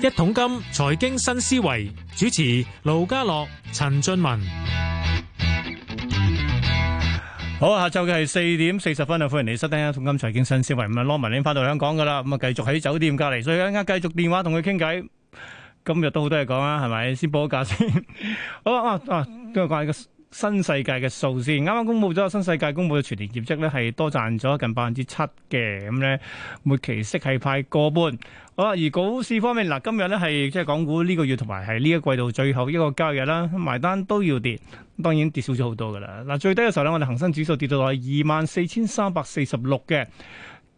一桶金財經新思維，主持盧家樂、陳俊文，好啊！下晝嘅係四點四十分啊！歡迎你收聽一桶金財經新思維。咁啊，羅文已經翻到香港噶啦，咁啊，繼續喺酒店隔籬，所以陣間繼續電話同佢傾偈。今日都好多嘢講啊，係咪？先報個價先。好啊啊！今日講下個新世界嘅數先。啱啱公布咗新世界公布嘅全年業績咧，係多賺咗近百分之七嘅。咁咧，末期息係派過半。好，而股市方面，嗱今日咧係即係港股呢個月同埋係呢一季度最後一個交易日啦，埋單都要跌，當然跌少咗好多噶啦。嗱，最低嘅時候咧，我哋恒生指數跌到係二萬四千三百四十六嘅，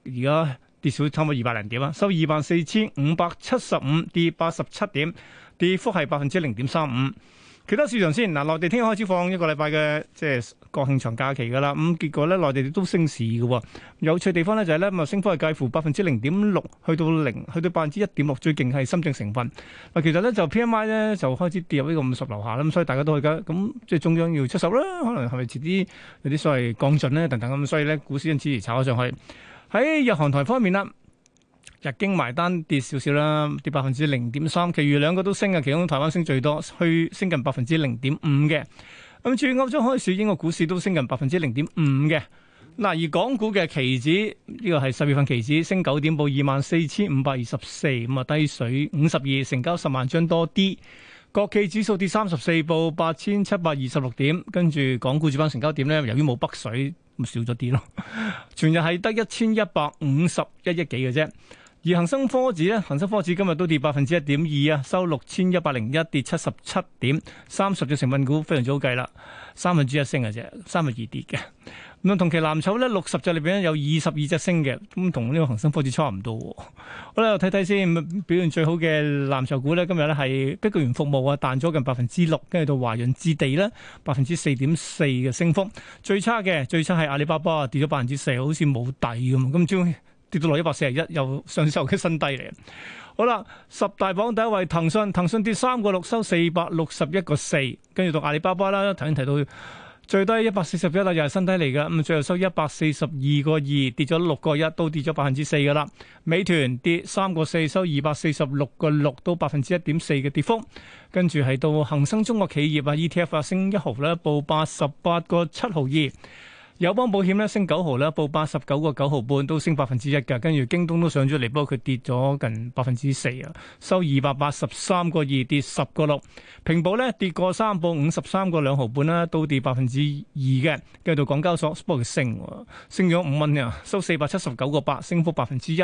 而家跌少差唔多二百零點啦，收二萬四千五百七十五，跌八十七點，跌幅係百分之零點三五。其他市場先，嗱，內地聽日開始放一個禮拜嘅即係。國慶長假期㗎啦，咁結果咧內地都升市嘅。有趣地方咧就係咧，咁升幅係介乎百分之零點六去到零，去到百分之一點六，最勁係深圳成分。嗱，其實咧就 PMI 咧就開始跌入呢個五十樓下啦，咁所以大家都去緊，咁即係中央要出手啦，可能係咪遲啲有啲所謂降準咧等等咁，所以咧股市因此而炒咗上去。喺日韓台方面啦，日經埋單跌少少啦，跌百分之零點三，其餘兩個都升嘅，其中台灣升最多，去升近百分之零點五嘅。咁主要歐洲開市，英國股市都升近百分之零點五嘅。嗱，而港股嘅期指呢個係十月份期指，升九點，報二萬四千五百二十四。咁啊低水五十二，成交十萬張多啲。國企指數跌三十四，報八千七百二十六點。跟住港股主板成交點咧，由於冇北水，咪少咗啲咯。全日係得一千一百五十一億幾嘅啫。而恒生科指咧，恒生科指今日都跌百分之一點二啊，收六千一百零一，跌七十七點，三十隻成分股非常之好計啦，三分之一升嘅啫，三分二跌嘅。咁同期藍籌咧，六十隻裡邊咧有二十二隻升嘅，咁同呢個恒生科指差唔多。好啦，睇睇先，表現最好嘅藍籌股咧，今日咧係碧桂園服務啊，彈咗近百分之六，跟住到華潤置地咧，百分之四點四嘅升幅。最差嘅，最差係阿里巴巴啊，跌咗百分之四，好似冇底咁咁。跌到落一百四十一，又上次嘅新低嚟。好啦，十大榜第一位騰訊，騰訊跌三個六，收四百六十一個四。跟住到阿里巴巴啦，頭先提到最低一百四十一啦，又係新低嚟㗎。咁最後收一百四十二個二，跌咗六個一，都跌咗百分之四㗎啦。美團跌三個四，收二百四十六個六，都百分之一點四嘅跌幅。跟住係到恒生中國企業啊 ETF 啊，升一毫咧，報八十八個七毫二。友邦保險咧升九毫咧，報八十九個九毫半，都升百分之一嘅。跟住京東都上咗嚟，不過佢跌咗近百分之四啊，收二百八十三個二，跌十個六。平保咧跌過三，報五十三個兩毫半啦，都跌百分之二嘅。跟住到港交所，不過佢升，升咗五蚊啊，收四百七十九個八，升幅百分之一。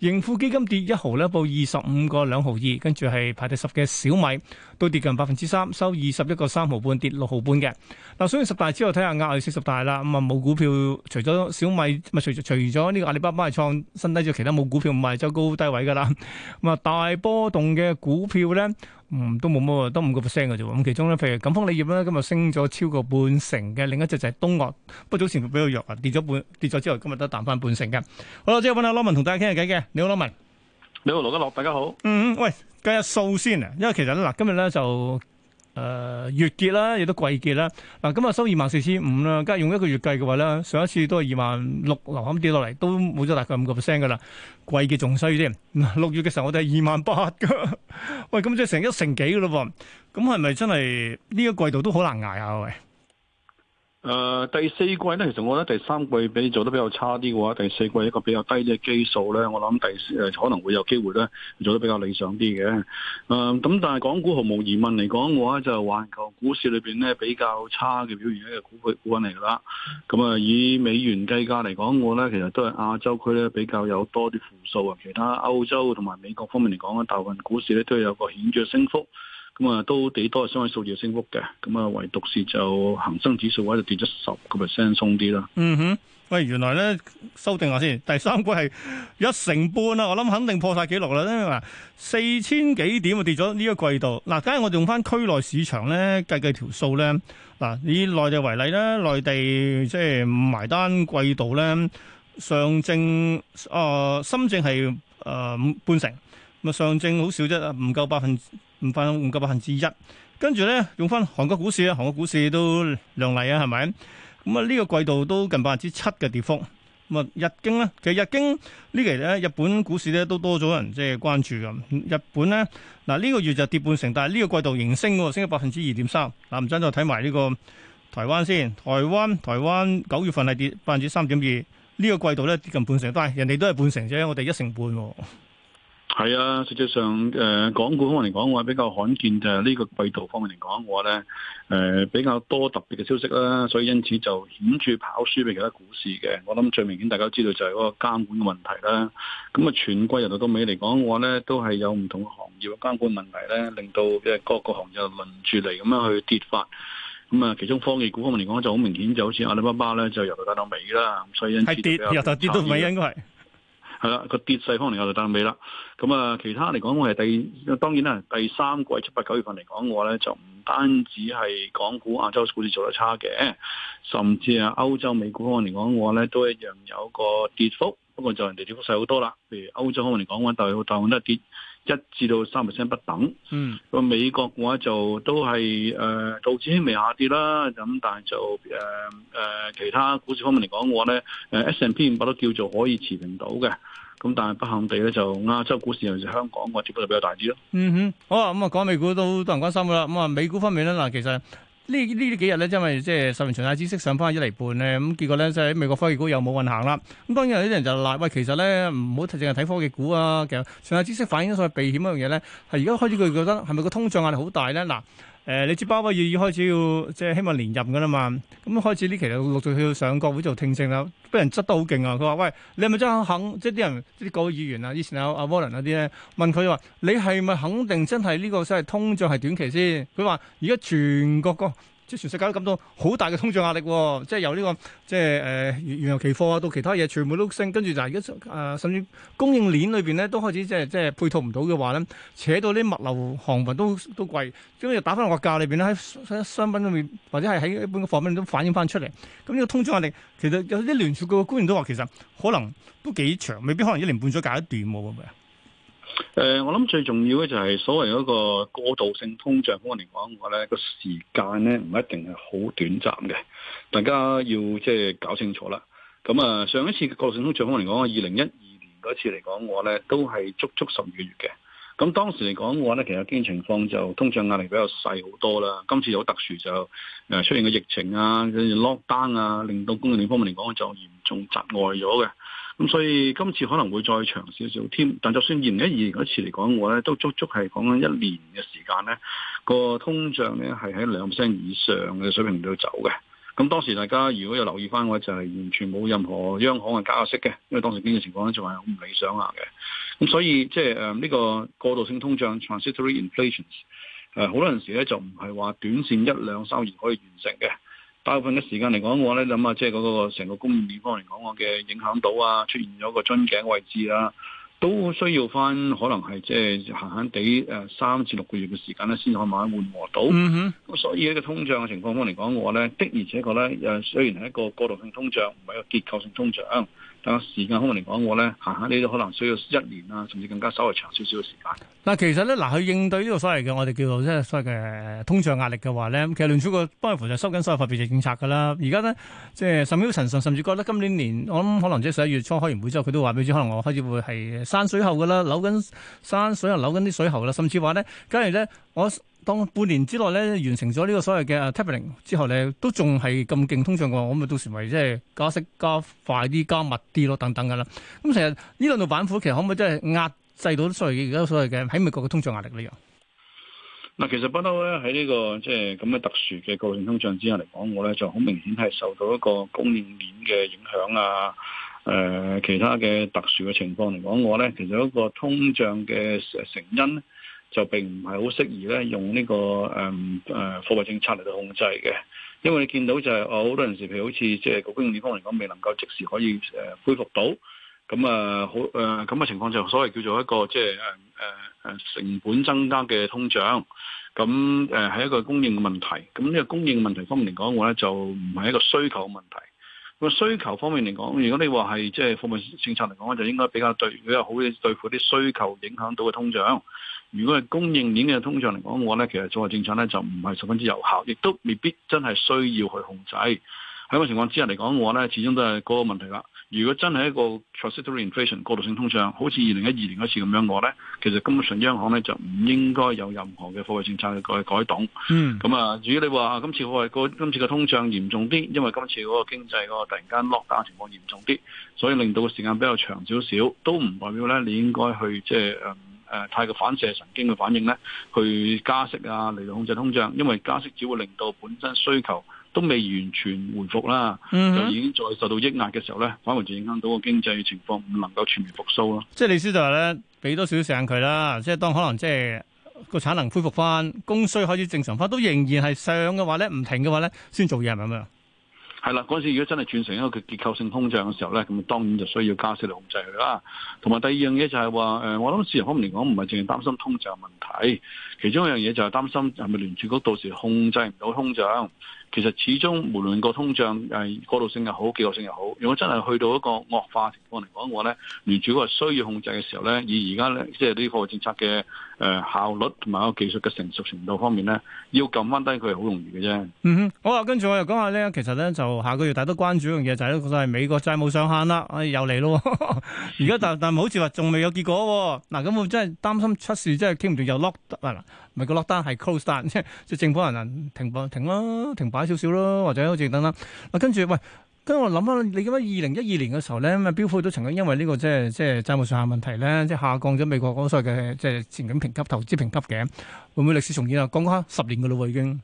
盈富基金跌一毫咧，報二十五個兩毫二，跟住係排第十嘅小米都跌近百分之三，收二十一個三毫半，跌六毫半嘅。嗱，所以十大之後睇下，看看壓住四十大啦，咁啊冇股票，除咗小米，咪、呃、除除咗呢個阿里巴巴係創新低咗，其他冇股票，唔係走高低位噶啦。咁啊，大波動嘅股票咧。嗯，都冇乜，多五個 percent 嘅啫。咁其中咧，譬如錦豐鋰業咧，今日升咗超過半成嘅。另一隻就係東岳，不過早前比較弱啊，跌咗半，跌咗之後今日都彈翻半成嘅。好啦，之後揾阿羅文同大家傾下偈嘅。你好，羅文。你好，羅家樂，大家好。嗯嗯，喂，計下數先啊，因為其實嗱，今日咧就。誒、呃，月結啦，亦都季結啦。嗱、啊，咁、嗯、啊收二萬四千五啦，而家用一個月計嘅話咧，上一次都係二萬六，流咁跌落嚟都冇咗大概五個 percent 噶啦。季結仲衰添，六月嘅時候我哋係二萬八噶。喂，咁即係成一成幾噶咯噃？咁係咪真係呢個季度都好難捱啊？喂！誒、呃，第四季咧，其實我覺得第三季比做得比較差啲嘅話，第四季一個比較低嘅基數咧，我諗第可能會有機會咧做得比較理想啲嘅。誒、呃，咁但係港股毫無疑問嚟講嘅話，就係環球股市裏邊咧比較差嘅表現嘅一個股股品嚟噶啦。咁、嗯、啊、呃，以美元計價嚟講，我咧其實都係亞洲區咧比較有多啲負數啊。其他歐洲同埋美國方面嚟講咧，大部分股市咧都有個顯著升幅。咁啊，都幾多相關數字升幅嘅，咁啊，唯獨是就恒生指數喺度跌咗十個 percent，鬆啲啦。嗯哼，喂，原來咧，收定下先，第三季係一成半啊，我諗肯定破晒記錄啦，因為四千幾點啊，跌咗呢一個季度。嗱，梗係我哋用翻區內市場咧，計計條數咧，嗱，以內地為例咧，內地即係埋單季度咧，上證啊、呃，深證係誒五半成，咁啊，上證好少啫，唔夠百分。五翻唔夠百分之一，跟住咧用翻韓國股市啊，韓國股市都亮麗啊，係咪？咁啊呢個季度都近百分之七嘅跌幅。咁、嗯、啊日經咧，其實日經期呢期咧，日本股市咧都多咗人即係關注咁日本咧嗱呢、這個月就跌半成，但係呢個季度仍升，升咗百分之二點三。嗱、這個，唔準再睇埋呢個台灣先。台灣台灣九月份係跌百分之三點二，呢個季度咧跌近半成，但係人哋都係半成啫，我哋一成半成。係啊，實際上，誒、呃，港股方面嚟講嘅話，比較罕見就係呢個季度方面嚟講嘅話咧，誒、呃，比較多特別嘅消息啦，所以因此就顯著跑輸俾其他股市嘅。我諗最明顯大家知道就係嗰個監管嘅問題啦。咁、嗯、啊，嗯、全季由頭到尾嚟講嘅話咧，都係有唔同嘅行業嘅監管問題咧，令到即係各個行業輪住嚟咁樣去跌發。咁、嗯、啊，其中科技股方面嚟講就好明顯，就好似阿里巴巴咧，就由頭跌到尾啦。所以因此啊，由頭跌到尾應該係啦，個跌勢方面又就單尾啦。咁 啊樂，其他嚟講，我係第，當然啦，第三季七八九月份嚟講嘅話咧，就唔單止係港股、亞洲股市做得差嘅，甚至啊，歐洲美股方面嚟講嘅話咧，都一樣有個跌幅。不過就人哋跌幅細好多啦，譬如歐洲方面嚟講，我睇到大部分都係跌。一至到三十 percent 不等，個、嗯、美國嘅話就都係誒道指輕微下跌啦，咁但係就誒誒、呃呃、其他股市方面嚟講嘅話咧，誒 S n P 五百都叫做可以持平到嘅，咁但係不幸地咧就亞洲股市尤其是香港嘅跌幅就比較大啲咯。嗯哼，好啊，咁啊講美股都好多人關心噶啦，咁、嗯、啊美股方面咧嗱，其實。呢呢啲幾日咧，因為即係十年長債息上返一釐半咧，咁結果咧就喺美國科技股又冇運行啦。咁當然有啲人就話：喂，其實咧唔好淨係睇科技股啊。其實長債息反映咗所謂避險嗰樣嘢咧，係而家開始佢覺得係咪個通脹壓力好大咧？嗱。誒、呃，你知鮑威爾要開始要即係希望連任嘅啦嘛？咁、嗯、開始呢期就陸續去到上國會做聽證啦，俾人質得好勁啊！佢話：喂，你係咪真係肯？即係啲人啲國會議員啊，以前有阿、啊、沃倫嗰啲咧，問佢話：你係咪肯定真係呢個所謂通脹係短期先？佢話：而家全國個。即全世界都咁多好大嘅通脹壓力、哦，即係由呢、呢個即係誒、呃、原油期貨啊，到其他嘢全部都升，跟住就係而家誒，甚至供應鏈裏邊咧都開始即係即係配套唔到嘅話咧，扯到啲物流航運都都貴，咁又打翻落個價裏邊咧，喺商品裏面或者係喺一般嘅貨品裏面都反映翻出嚟。咁呢個通脹壓力其實有啲聯儲嘅官員都話，其實可能都幾長，未必可能一年半載搞一段喎。誒、呃，我諗最重要嘅就係所謂嗰個過渡性通脹方面嚟講嘅話咧，個時間咧唔一定係好短暫嘅，大家要即係搞清楚啦。咁、嗯、啊，上一次嘅過渡性通脹方面嚟講，二零一二年嗰次嚟講，我咧都係足足十二個月嘅。咁、嗯、當時嚟講嘅話咧，其實經濟情況就通脹壓力比較細好多啦。今次有特殊就誒出現嘅疫情啊 lockdown 啊，令到供應方面嚟講就嚴重阻礙咗嘅。咁所以今次可能會再長少少添，但就算二零一二嗰次嚟講我，我咧都足足係講緊一年嘅時間咧，個通脹咧係喺兩 percent 以上嘅水平度走嘅。咁當時大家如果有留意翻嘅話，就係、是、完全冇任何央行嘅加息嘅，因為當時經濟情況咧仲係好唔理想啊嘅。咁所以即係誒呢個過渡性通脹 （transitory inflation） 誒，好、呃、多陣時咧就唔係話短線一兩三年可以完成嘅。大部分嘅時間嚟講，我咧諗下，即係嗰個成個工業面方嚟講，我嘅影響到啊，出現咗個樽頸位置啊，都需要翻可能係即係閒閒哋誒，三至六個月嘅時間咧，先可以慢慢緩和到。咁、mm hmm. 所以咧，個通脹嘅情況方嚟講，我咧的而且確咧，誒雖然係一個過渡性通脹，唔係一個結構性通脹。時間可能嚟講，我咧嚇嚇，你都可能需要一年啊，甚至更加稍微長少少嘅時間。嗱，其實咧，嗱，去應對呢個所謂嘅我哋叫做即係所謂嘅通脹壓力嘅話咧，其實聯儲局幫佢負責收緊所有貨幣政策㗎啦。而家咧，即係 Samuel 陳甚至覺得今年年我諗可能即係十一月初開完會之後，佢都話俾你知，可能我開始會係山水後㗎啦，扭緊山水又扭緊啲水喉啦，甚至話咧，假如咧我。當半年之內咧完成咗呢個所謂嘅 tapering 之後咧，都仲係咁勁通脹嘅，我咪到時咪即係加息加快啲、加密啲咯，等等嘅啦。咁成日呢兩度板斧，其實可唔可以真係壓制到啲所謂而家所謂嘅喺美國嘅通脹壓力呢？又嗱，其實不嬲咧，喺呢個即係咁嘅特殊嘅高領通脹之下嚟講，我咧就好明顯係受到一個供應鏈嘅影響啊，誒、呃、其他嘅特殊嘅情況嚟講，我咧其實一個通脹嘅成因。就並唔係好適宜咧，用呢、這個誒誒、嗯呃、貨幣政策嚟到控制嘅，因為你見到就係、是、好、哦、多人時譬如好似即係個供應方面嚟講，未能夠即時可以誒恢復到，咁啊好誒咁嘅情況就所謂叫做一個即係誒誒誒成本增加嘅通脹，咁誒係一個供應嘅問題，咁呢個供應嘅問題方面嚟講，我咧就唔係一個需求問題，個需求方面嚟講，如果你話係即係貨幣政策嚟講，我就應該比較對比較好嘅對付啲需求影響到嘅通脹。如果係供應鏈嘅通脹嚟講嘅話咧，其實作為政策咧就唔係十分之有效，亦都未必真係需要去控制。喺個情況之下嚟講，我咧始終都係嗰個問題啦。如果真係一個 transitory inflation 過渡性通脹，好似二零一二年嗰次咁樣，我咧其實根本上央行咧就唔應該有任何嘅貨幣政策去改改動。嗯。咁啊，至於你話今次貨幣個今次嘅通脹嚴重啲，因為今次嗰個經濟嗰個突然間 lockdown 情況嚴重啲，所以令到個時間比較長少少，都唔代表咧你應該去即係嗯。嗯。誒、呃、太過反射神經嘅反應咧，去加息啊嚟到控制通脹，因為加息只會令到本身需求都未完全回復啦，嗯、哼就已經再受到抑壓嘅時候咧，反而就影響到個經濟情況唔能夠全面復甦咯。即係你意思就係咧，俾多少時間佢啦，即係當可能即係個產能恢復翻，供需開始正常翻，都仍然係上嘅話咧，唔停嘅話咧，先做嘢係咪咁樣？係啦，嗰陣時如果真係轉成一個結構性通脹嘅時候咧，咁當然就需要加息嚟控制佢啦。同埋第二樣嘢就係話，誒、呃，我諗市況可能嚟講唔係淨係擔心通脹問題，其中一樣嘢就係擔心係咪聯儲局到時控制唔到通脹。其實始終無論個通脹誒，過度性又好，結構性又好，如果真係去到一個惡化情況嚟講嘅話咧，聯儲局需要控制嘅時候咧，以而家咧即係呢個政策嘅誒效率同埋個技術嘅成熟程度方面咧，要撳翻低佢係好容易嘅啫。嗯、哼，好啊，跟住我又講下咧，其實咧就下個月大家都關注一樣嘢，就係咧個係美國債務上限啦，哎又嚟咯，而家 但但係好似話仲未有結果。嗱、啊，咁我真係擔心出事真，真係聽唔住又 lock 唔、啊、係，唔係個 lock down 係 close down 即係政府人停停咯，停，停，停，停，停，停，停，停，停買少少咯，或者好似等等。嗱， 跟住喂，跟住我諗下，你咁樣二零一二年嘅時候咧，咁啊，標普都曾經因為呢個即係即係債務上限問題咧，即係下降咗美國所謂嘅即係前景評級、投資評級嘅，會唔會歷史重演？啊？講開十年嘅咯喎，已經。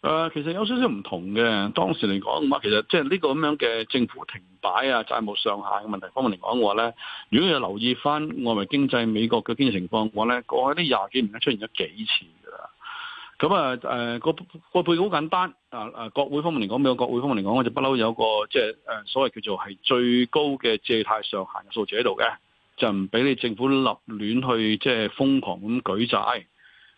誒，其實有少少唔同嘅，當時嚟講嘅話，其實即係呢個咁樣嘅政府停擺啊、債務上限嘅問題方面嚟講嘅話咧，如果你留意翻外圍經濟、美國嘅經濟情況嘅話咧，過去呢廿幾年咧出現咗幾次。咁啊，誒、呃那個、那個背景好簡單，啊、呃、啊國會方面嚟講，美國國會方面嚟講，我就不嬲有一個即係誒所謂叫做係最高嘅借貸上限數字喺度嘅，就唔俾你政府立亂去即係、就是、瘋狂咁舉債。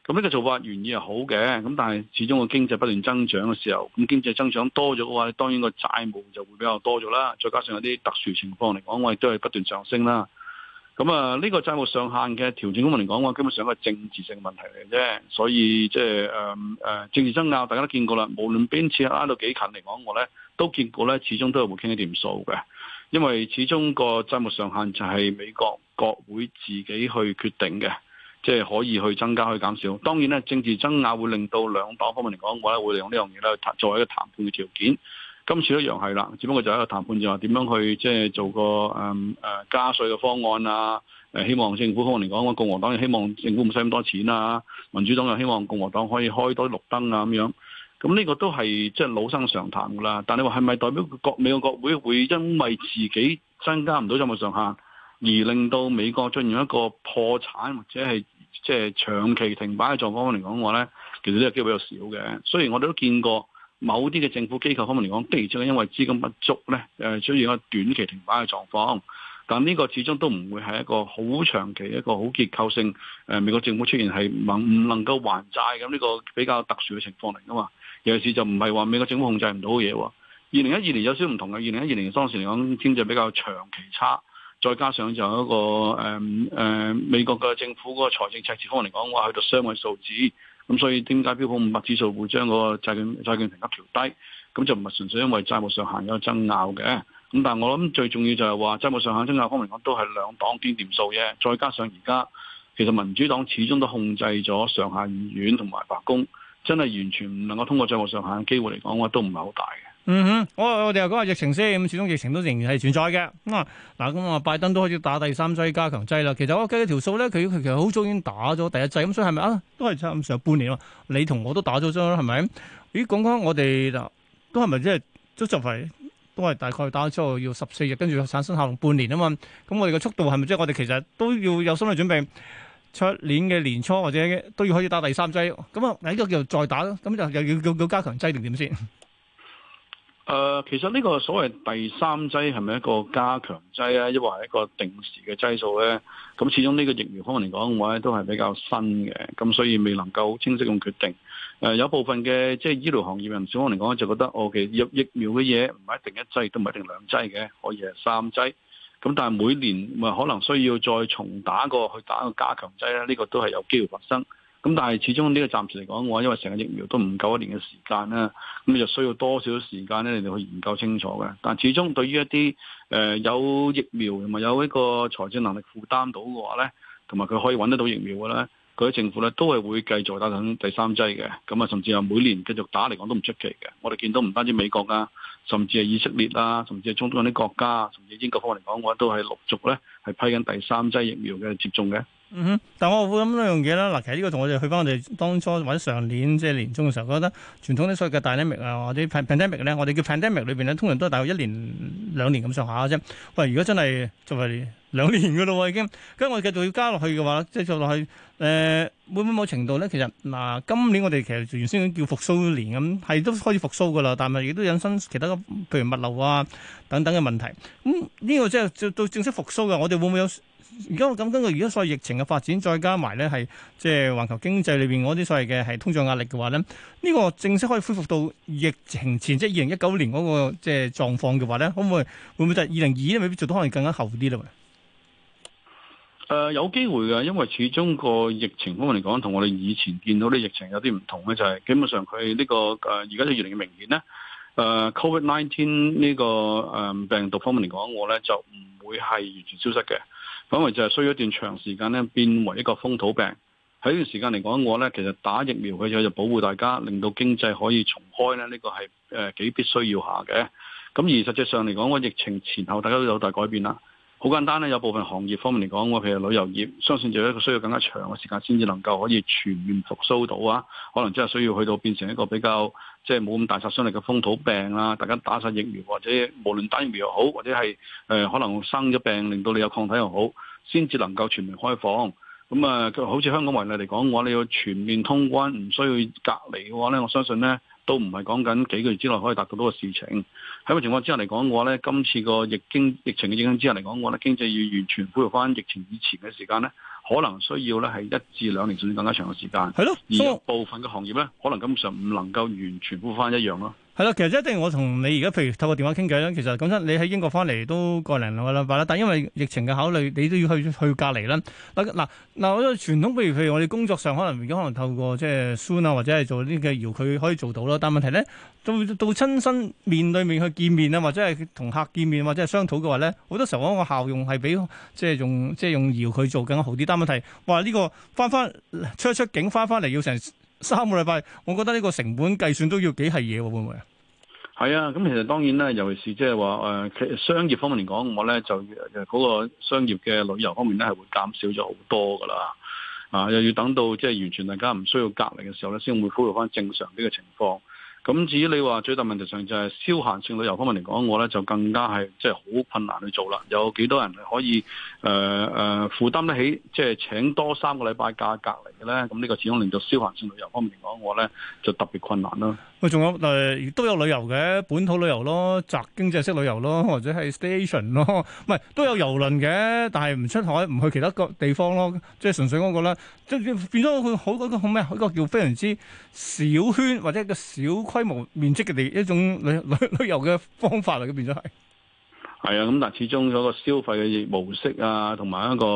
咁呢個做法原意係好嘅，咁但係始終個經濟不斷增長嘅時候，咁經濟增長多咗嘅話，當然個債務就會比較多咗啦。再加上有啲特殊情況嚟講，我亦都係不斷上升啦。咁啊，呢、嗯呢個債務上限嘅調整方面嚟講，我基本上係政治性問題嚟啫。所以即係誒誒政治爭拗，大家都見過啦。無論邊次拉到幾近嚟講，我咧都見過咧，始終都有會傾得掂數嘅。因為始終個債務上限就係美國國會自己去決定嘅，即係可以去增加、去減少。當然咧，政治爭拗會令到兩黨方面嚟講，我咧會用呢樣嘢咧作為一個談判嘅條件。今次一樣係啦，只不過就係一個談判就話點樣去即係、就是、做個誒誒、嗯、加稅嘅方案啊！誒希望政府方面嚟講，我共和黨希望政府唔使咁多錢啊；民主黨又希望共和黨可以開多啲綠燈啊咁樣。咁呢個都係即係老生常談㗎啦。但你話係咪代表美國嘅國會會因為自己增加唔到債務上限，而令到美國出現一個破產或者係即係長期停擺嘅狀況嚟講嘅話咧，其實呢個機會比較少嘅。雖然我哋都見過。某啲嘅政府機構方面嚟講，突然之間因為資金不足咧，誒出現一個短期停擺嘅狀況。咁呢個始終都唔會係一個好長期、一個好結構性誒、呃、美國政府出現係能唔能夠還債咁呢個比較特殊嘅情況嚟噶嘛？有時就唔係話美國政府控制唔到嘅嘢。二零一二年有少少唔同嘅，二零一二年當時嚟講經濟比較長期差，再加上就有一個誒誒、呃呃、美國嘅政府嗰個財政赤字方面嚟講，話去到雙位數字。咁所以點解標普五百指數會將個債券債券評級調低？咁就唔係純粹因為債務上限有爭拗嘅。咁但係我諗最重要就係話債務上限，爭拗方面講，都係兩黨堅點數啫。再加上而家其實民主黨始終都控制咗上下議院同埋白宮，真係完全唔能夠通過債務上限嘅機會嚟講，我都唔係好大嘅。嗯哼，我我哋又講下疫情先。咁始終疫情都仍然係存在嘅。咁啊嗱，咁啊拜登都開始打第三劑加強劑啦。其實我計咗條數咧，佢、哦、其實好早已經打咗第一劑，咁所以係咪啊都係差唔上半年啊？你同我都打咗咗啦，係咪？咦，講講我哋嗱，都係咪即係都就係都係大概打咗之後要十四日，跟住產生效用半年啊嘛？咁我哋嘅速度係咪即係我哋其實都要有心理準備？出年嘅年初或者都要開始打第三劑，咁啊，呢、啊這個叫再打，咁就又要叫叫，叫加強劑定點先。誒、呃，其實呢個所謂第三劑係咪一個加強劑啊，抑或係一個定時嘅劑數咧？咁始終呢個疫苗方面嚟講，嘅話咧都係比較新嘅，咁所以未能夠清晰咁決定。誒、呃，有部分嘅即係醫療行業人士可能嚟講就覺得，哦，其疫疫苗嘅嘢唔係一定一劑，都唔係一定兩劑嘅，可以係三劑。咁但係每年咪可能需要再重打個去打個加強劑咧？呢、呢個都係有機會發生。咁但係始終呢個暫時嚟講，嘅話因為成個疫苗都唔夠一年嘅時間啦，咁就需要多少時間咧？你哋去研究清楚嘅。但係始終對於一啲誒、呃、有疫苗同埋有一個財政能力負擔到嘅話咧，同埋佢可以揾得到疫苗嘅咧，佢啲政府咧都係會繼續打緊第三劑嘅。咁啊，甚至係每年繼續打嚟講都唔出奇嘅。我哋見到唔單止美國㗎。甚至係以色列啦，甚至係中東啲國家，甚至英國方面嚟講，我話都係陸續咧，係批緊第三劑疫苗嘅接種嘅。嗯哼，但我會諗一樣嘢啦。嗱，其實呢個同我哋去翻我哋當初或者上年即係、就是、年中嘅時候，覺得傳統啲所謂嘅大流行啊或者 pandemic 咧，我哋叫 pandemic 裏邊咧，通常都係大概一年兩年咁上下啫。喂，如果真係做係兩年嘅咯喎，已經，咁我哋繼續要加落去嘅話，即係再落去。誒、呃、會唔會某程度咧？其實嗱、呃，今年我哋其實原先叫復甦年咁，係、嗯、都開始復甦噶啦，但係亦都引申其他嘅，譬如物流啊等等嘅問題。咁、嗯、呢、這個即、就、係、是、到正式復甦嘅，我哋會唔會有？而家我咁根據而家所謂疫情嘅發展，再加埋咧係即係環球經濟裏邊嗰啲所謂嘅係通脹壓力嘅話咧，呢、這個正式可以恢復到疫情前即係二零一九年嗰個即係狀況嘅話咧，可唔會會唔會，會就係二零二二都未必做到可能更加後啲啦？誒、呃、有機會嘅，因為始終個疫情方面嚟講，同我哋以前見到啲疫情有啲唔同咧，就係、是、基本上佢呢、這個誒而家越嚟越明顯咧。誒、呃、Covid nineteen 呢、這個誒、呃、病毒方面嚟講，我咧就唔會係完全消失嘅，反而就係需要一段長時間咧，變為一個風土病。喺呢段時間嚟講，我咧其實打疫苗嘅嘢就保護大家，令到經濟可以重開咧，呢、這個係誒幾必須要下嘅。咁而實際上嚟講，個疫情前後大家都有大改變啦。好簡單咧，有部分行業方面嚟講，我譬如旅遊業，相信就一個需要更加長嘅時間，先至能夠可以全面復甦到啊。可能真係需要去到變成一個比較，即係冇咁大殺傷力嘅風土病啊。大家打晒疫苗，或者無論打疫苗又好，或者係誒、呃、可能生咗病，令到你有抗體又好，先至能夠全面開放。咁啊、呃，好似香港為例嚟講嘅話，你要全面通關，唔需要隔離嘅話咧，我相信咧。都唔係講緊幾個月之內可以達到嗰個事情，喺個情況之下嚟講嘅話咧，今次個疫經疫情嘅影響之下嚟講，嘅話咧經濟要完全恢復翻疫情以前嘅時間咧，可能需要咧係一至兩年甚至更加長嘅時間。係咯，而部分嘅行業咧，可能根本上唔能夠完全恢復翻一樣咯。係啦， 其實即係我同你而家，譬如透過電話傾偈啦。其實講真，你喺英國翻嚟都個零兩個禮拜啦。但因為疫情嘅考慮，你都要去去隔離啦。嗱嗱嗱，我傳統譬如譬如我哋工作上可能而家可能透過即係 Zoom 啊，或者係做呢嘅遙距可以做到啦。但問題咧，到到親身面對面去見面啊，或者係同客見面或者係商討嘅話咧，好多時候嗰個效用係比即係用即係用遙距做更加好啲。但問題，哇！呢、呢個翻翻出出境翻翻嚟要成三個禮拜，我覺得呢個成本計算都要幾係嘢喎，會唔會？係啊，咁、嗯、其實當然咧，尤其是即係話誒商業方面嚟講，我咧就嗰、那個商業嘅旅遊方面咧係會減少咗好多噶啦，啊又要等到即係完全大家唔需要隔離嘅時候咧，先會恢復返正常啲嘅情況。咁、嗯、至於你話最大問題上就係消閒性旅遊方面嚟講，我咧就更加係即係好困難去做啦。有幾多人可以誒誒、呃呃、負擔得起即係、就是、請多三個禮拜假隔離嚟嘅咧？咁、嗯、呢、這個始終令到消閒性旅遊方面嚟講，我咧就特別困難啦。佢仲有誒，都有旅遊嘅本土旅遊咯，宅經濟式旅遊咯，或者係 station 咯，唔係都有遊輪嘅，但係唔出海，唔去其他個地方咯，即係純粹嗰個咧，即係變咗佢好多個咩？一個叫非常之小圈或者一個小規模面積嘅地一種旅旅，旅遊嘅方法嚟嘅，變咗係。係啊，咁但係始終嗰個消費嘅模式啊，同埋一個誒。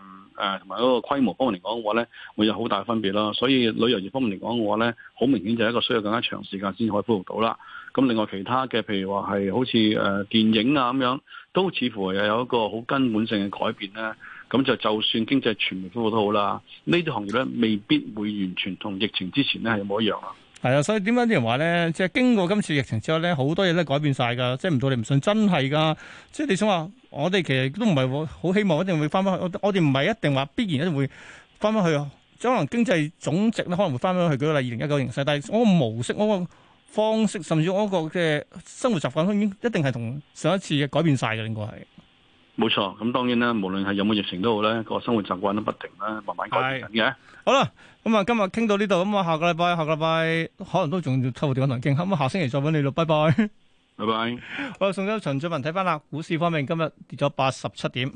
嗯誒同埋嗰個規模方面嚟講嘅話咧，會有好大分別咯。所以旅遊業方面嚟講嘅話咧，好明顯就係一個需要更加長時間先可以恢復到啦。咁另外其他嘅，譬如話係好似誒電影啊咁樣，都似乎又有一個好根本性嘅改變咧。咁就就算經濟全面恢復都好啦，呢啲行業咧未必會完全同疫情之前咧係一模一樣啦。係啊，所以點解啲人話咧，即係經過今次疫情之後咧，好多嘢都改變晒噶，即係唔到你唔信，真係噶。即係你想話，我哋其實都唔係好希望一定會翻翻去，我哋唔係一定話必然一定會翻翻去咯。即可能經濟總值咧可能會翻翻去，舉例二零一九年世，但係我模式，我個方式，甚至我個嘅生活習慣，都一定係同上一次嘅改變晒嘅，應該係。冇錯，咁當然啦，無論係有冇疫情都好咧，個生活習慣都不停啦，慢慢改變嘅。好啦，咁、嗯、啊，今日傾到呢度，咁、嗯、啊，下個禮拜、下個禮拜可能都仲要抽部電話同你傾，咁、嗯、啊，下星期再揾你咯，拜拜，拜拜。 好，送咗陳俊文，睇翻啦，股市方面今日跌咗八十七點。